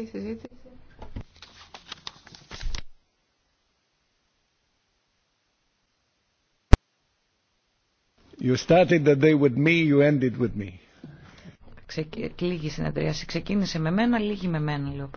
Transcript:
η συζήτηση. You started the day with me, you ended with me. Κλήγη συνεδρίαση. Ξεκίνησε με μένα, λίγη με μένα, λέω